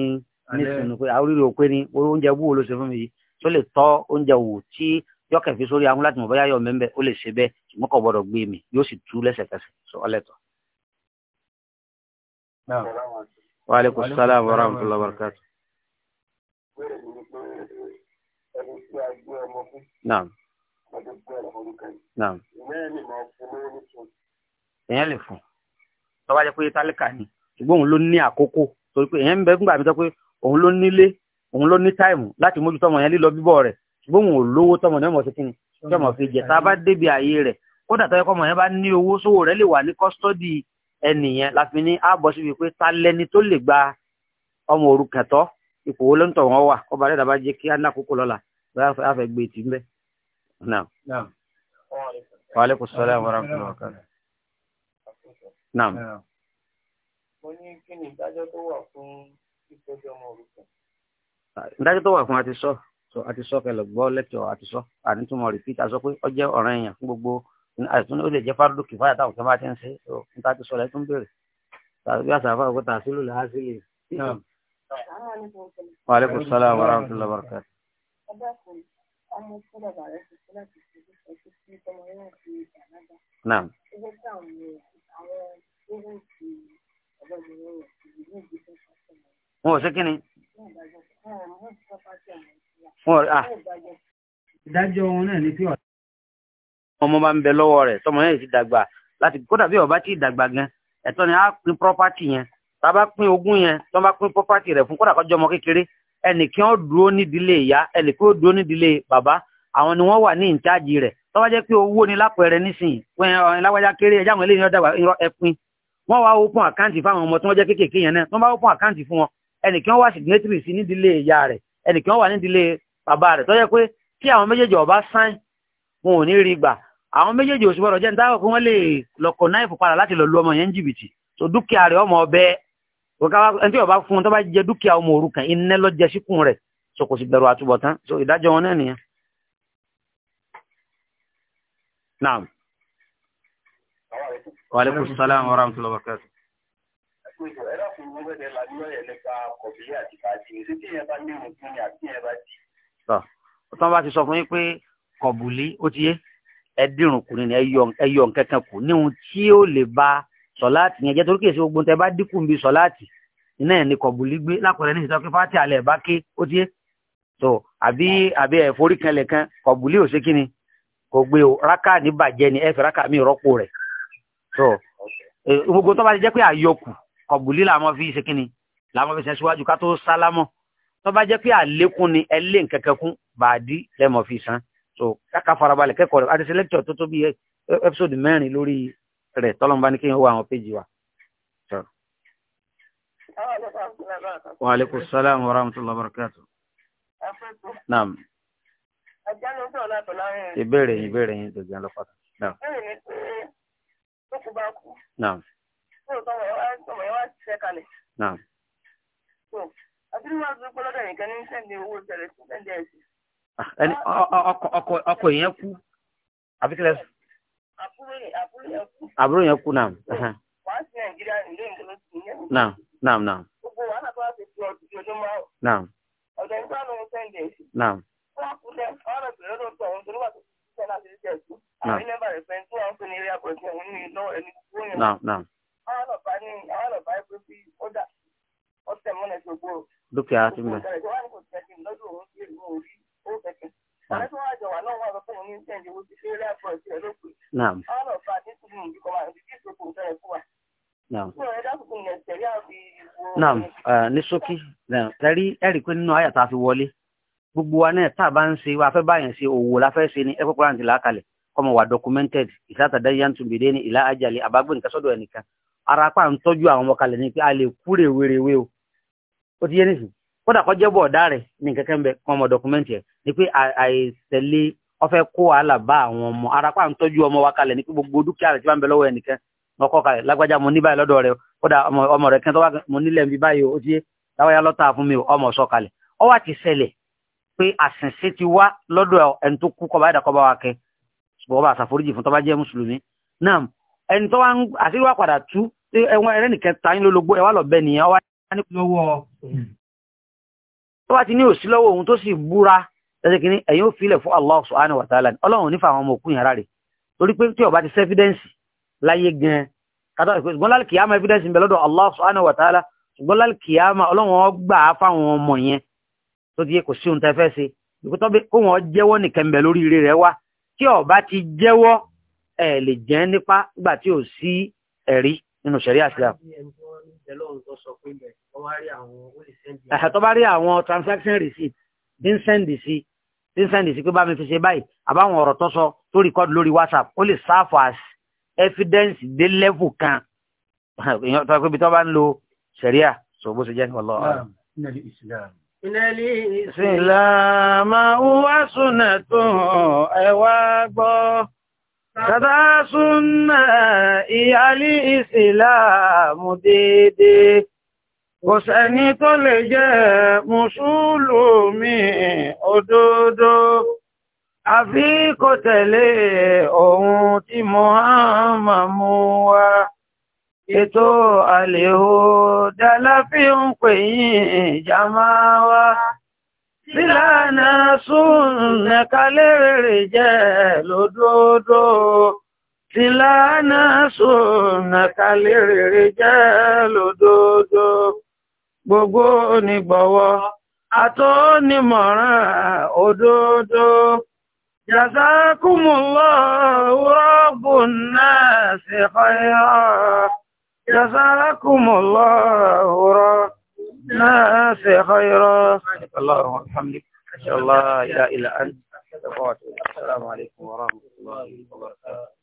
nísìnyí pé oríire òpé ni oúnjẹ wúwo ló ṣe fún mi yìí tó lè tọ́ oúnjẹ wò tí yọkẹ̀ fi sórí ahun láti mọ̀ bóyá yọ̀ mẹ́mbẹ́ ó lè ṣe bẹ́ẹ̀ ṣùgbọ́n kò gbọ́dọ̀ gbé mi yóò sì tú lẹ́sẹ̀kẹsẹ̀ sọ ọlẹ́tọ̀. wa aleykum salaam wa rahmatullahi wa barakatuh. naam. naam èèyàn lè fún tó jẹ́ pé tálíkà ni ṣùgbọ́n òun ló ní àkókò torí pé èèyàn ń bẹ fúngbà mi sọ pé òun ló nílé òun ló ní táìmù láti mójútó ọmọ yẹn lílọ bíbọ̀ rẹ̀ ṣùgbọ́n òun ò lówó tọmọ ní ọmọ síkìní tí ọmọ fi jẹ tá a bá débi ààyè rẹ̀ kódà tó yẹ kọmọ yẹn bá ní owó sówó rẹ̀ lè wà ní kọ́sítọ́dì ẹnìyẹn la fi ní ààbọ̀ síbi pé ta lẹni tó lè gba ọmọ òrukàn ipò wo ló ń wà ọba rẹ̀ dàbá jẹ́ kí á ní àkókò lọ́la bóyá a fẹ́ gbé e tì ń bẹ́. Naam. Naam. Wa alaikum salaam wa rahmatullahi Naam. Mo ni ìdájọ́ tó wà fún ìtọ́jú ọmọ òrukàn? Ah, ìdájọ́ tó wà fún àti sọ, àti sọ kẹlẹ̀ gbọ́ lẹ́tọ̀ àti sọ, ànítúmọ̀ repeat, a sọ pé ó jẹ́ ọ̀ràn èèyàn fún gbogbo àìsàn ó lè jẹ́ fárúdù kì fáyà táwọn kan bá ti ń ṣe, níta ti sọ lẹ́ tún bèrè. Tàbí àṣà àfáà kó tà sílò sí lè. Wa alaikum salaam wa rahmatullahi wa barakatuh. Naam àwọn fúrúùtì ọ̀gbọ́nìyàn rẹ̀ ìlú ìgbésẹ̀ pàṣẹ. wọn ò sí kí ni. wọn ò ah. ìdájọ́ wọn náà ni pé ọmọ bá ń bẹ lọ́wọ́ rẹ̀ tọmọ yẹn sì dàgbà láti kódà bí ọba tí ì dàgbà gan ẹ̀tọ́ ni a pín property yẹn tàbá pín ogún yẹn tó bá pín property rẹ̀ fún kódà kọjọ ọmọ kékeré ẹnìkan ó dúró nídìílé ìyá ẹnìkan ó dúró nídìílé bàbá àwọn ni wọ́n wà ní ìtaàjì rẹ̀ tọ́wọ́ jẹ́ pé owó ni lápẹ̀rẹ̀ nísìn ọ̀rìn láwájá kéré ẹjá àwọn eléyìí ọ̀dà ẹpin wọ́n wá open àkáǹtì fáwọn ọmọ tí wọ́n jẹ́ kéékèèké yẹn náà wọ́n bá open àkáǹtì fún wọn ẹnìkan wà signatory sí nídìílé ìyá rẹ̀ ẹnìkan wà nídìílé bàbá rẹ̀ tọ́jẹ́ pé kí àwọn méjèèjì ọba sáìn wọn ò ní rí gbà àwọn méjèèjì oṣù bọ̀rọ̀ jẹ́ nítorí pé wọ́n lè lọ́kọ̀ náìfù padà láti lọ lu ọmọ yẹn jìbìtì tó dúkìá rẹ̀ ọmọ ọbẹ̀ ẹni tí ọba fún wọn tó bá jẹ dúkìá ọmọ òrukàn iná lọ jẹ síkùn rẹ̀ so kò sì bẹ̀rù àtúbọ̀tán so ìdájọ́ wọn náà nìyẹn. نعم. Wa alaikum salaam wa rahmatullahi wa barakatuh. Ẹ̀rọ fún mi wọ́n bẹ̀rẹ̀ lábúrò yẹn nípa kọ̀bílẹ̀ àti fàájì. Ṣé tí ẹ bá ní ìrùn fún mi àti ẹ bá jì? Tọ́ bá ti sọ fún yín pé kọ̀bùlí ó ti yé ẹ dìrùn kù nínú ẹ kù níhun tí ó lè ba sọ̀láàtì yẹn jẹ́ torí kìí ṣe gbogbo tẹ bá dínkù bí sọ̀láàtì iná ẹ̀ ní kọ̀bùlí gbé lápẹ̀rẹ̀ ní ìsọ̀kí fáti alẹ̀ bá ké ó ti yé. àbí ẹ̀fọ́rí kan kan kọ̀bùlí ò ṣe kí ni kò gbé o rákà ní bàjẹ́ ni ẹ fẹ́ rákà mi rọ́pò rẹ̀ so gbogbo tó bá ti jẹ́ pé àyọkù kọ̀bùlí làwọn fi ṣe kínni làwọn fi ṣe síwájú ká tó sálámọ̀ tó bá jẹ́ pé àlékún ni ẹ lé nkẹ́kẹ́ kún bàdí lẹ́mọ̀ fi san so káka farabalẹ̀ kẹ́kọ̀ọ́ rẹ̀ àti sẹ́lẹ̀kítọ̀ tó tó bí ẹ́písòdù mẹ́rin lórí rẹ̀ tọ́lọ́mùbá ní kéèyàn wà àwọn péjì wa. wa aleykum salaam wa rahmatullahi wa barakatuh. naam ẹ̀jẹ̀ ló ń sọ̀rọ̀ láti láàrin rẹ̀. ìbéèrè yín ìbéèrè yín tó jẹun lọ́pàá. bẹ́ẹ̀ ni pé tó kú bá àbúrò yẹn kú àbí kílẹ̀ sùn. àbúrò nàìjíríà nílé ìgbọ́lọ́ sí ìyẹn. náà náà náà. gbogbo wàhálà tó wá ti fi ọdún ọdún márùn. ọ̀dọ̀ ìgbà ló ń sẹ́ndì ẹ̀sìn lákúlẹ̀ ọ̀rọ̀ ìpèrè ló ń tọ̀ ọ̀hún tó ti ṣiṣẹ́ láti ṣiṣẹ́ ìṣú. àmì nẹ́mbà rẹ̀ fẹ́ tó àwọn fún eré àpòjù òun ní iná ẹni tó yẹn. àwọn ọ̀bá ní àwọn ọ̀bá ẹgbẹ́ bí ó dà ó tẹ̀ mọ́lẹ̀ tó dúkìá ti mọ̀. Naam. Naam. Eh, ní ṣókí, eh, ẹ̀rí pé nínú àyà tá a fi wọlé gbogbo wa náà tá a bá ń ṣe wa afẹ́ báyẹn ṣe òwò la fẹ́ ṣe ni ẹ̀kọ́ kúrò àǹtí làákàlẹ̀ kọ́mọ wa documented ìsátàdá yá ń tún bèdè ní ìlà àjàlẹ̀ àbágbé nìkan sọ́dọ̀ ẹnìkan ara pa ń tọ́jú àwọn ọmọ kalẹ̀ ní pé a lè kú rèwerèwe o ó ti yé ní sìn kódà kọjá bọ̀ ọ̀dá rẹ̀ ní kẹ́kẹ́ ń bẹ kọ́mọ documented ni pé àìsẹ̀lé ọfẹ́ kó wàhálà bá àwọn ọmọ ara pa ń tọ́jú ọmọ wa kalẹ̀ ní pé gbogbo dúkìá rẹ̀ tí wọ́n bẹ lọ́wọ́ ẹnìkan lọ́kọ́ kalẹ̀ lágbájá mo ní báyìí lọ́dọ̀ rẹ̀ kódà ọmọ rẹ̀ kẹ́ńtọ́ mo nílẹ̀ ń bí báyìí ó ti yé táwọn lọ́ta fún mi ọmọ sọ kalẹ̀ ọwọ́ àti ṣẹlẹ̀ pé àṣìṣe ti wá lọ́dọ̀ ẹni tó kú kọba ẹ̀dà kọba wa kẹ ṣùgbọ́n bá àṣàforíjì fún tọ́ba jẹ́ mùsùlùmí náà ẹni tó wá ń àṣírí wà padà tú ẹwọn ẹrẹ́ nìkẹ́ ta yín lólobó ẹwà lọ́bẹ̀ nìyẹn wá ní lọ́wọ́ tó bá ti ní òsí lọ́wọ́ òun tó sì búra ẹsẹ̀ kìíní ẹ̀yin ó filẹ̀ fún Allah subhanahu wa ta'ala ọlọ́run nífa àwọn ọmọ òkú yàrá rẹ̀ torí pé tí ó bá ti sẹ́fídẹ́ǹsì láyé gan-an kátó ṣùgbọ́n lálẹ́ kìyàmá ẹfídẹ́ǹsì ń bẹ lọ́dọ̀ Allah subhanahu wa ta'ala ṣùgbọ́n lálẹ́ kìyàmá ọlọ́run ó fáwọn ọmọ yẹn tó ti yé kò sí ohun tẹ́ fẹ́ ṣe ìkótọ́ bí kó wọn jẹ́wọ́ nìkan ń bẹ lórí ire rẹ wá tí ó ti jẹ́wọ́ ẹ̀ lè jẹ́ nípa nígbà tí ò sí ẹ̀rí nínú ṣẹ̀rí àṣìlá. ẹ̀sẹ̀ bá rí àwọn transaction receipt bí ń sẹ́ndì sí bí ń sẹ́ndì sí pé bá mi fi ṣe báyìí àbáwọn ọ̀rọ̀ tó sọ tó rìkọ́dù lórí whatsapp ó lè serve as evidence dé level kan èèyàn tó bá ń lo ṣẹ̀ríà sọ bó ṣe jẹ́ ní ọlọ́run. Ìsìláàmà wá súnà tó ẹwà gbọ́. Tàtà súnà ìyálí ìsìláàmù dédé. Kò sẹ́ni tó lè jẹ́ Mùsùlùmí òdodo. Àfi kò tẹ̀lé ohun tí Mùhàmmà mú wá. Ètò àlèhò dálá fi ń pè yín ìjàmá wá. Sílànà súnnà kalérèrè jẹ́ lódódó. Sílànà súnnà kalérèrè jẹ́ lódódó. Gbogbo onígbọ̀wọ́, atónímọ̀ràn òdódó. Jàzákùmùlọ́ rọ́bùn náà sí khayra. جزاكم الله الناس خيرا سبحانك اللهم وبحمدك ان شاء الله لا اله الا انت السلام عليكم ورحمه الله وبركاته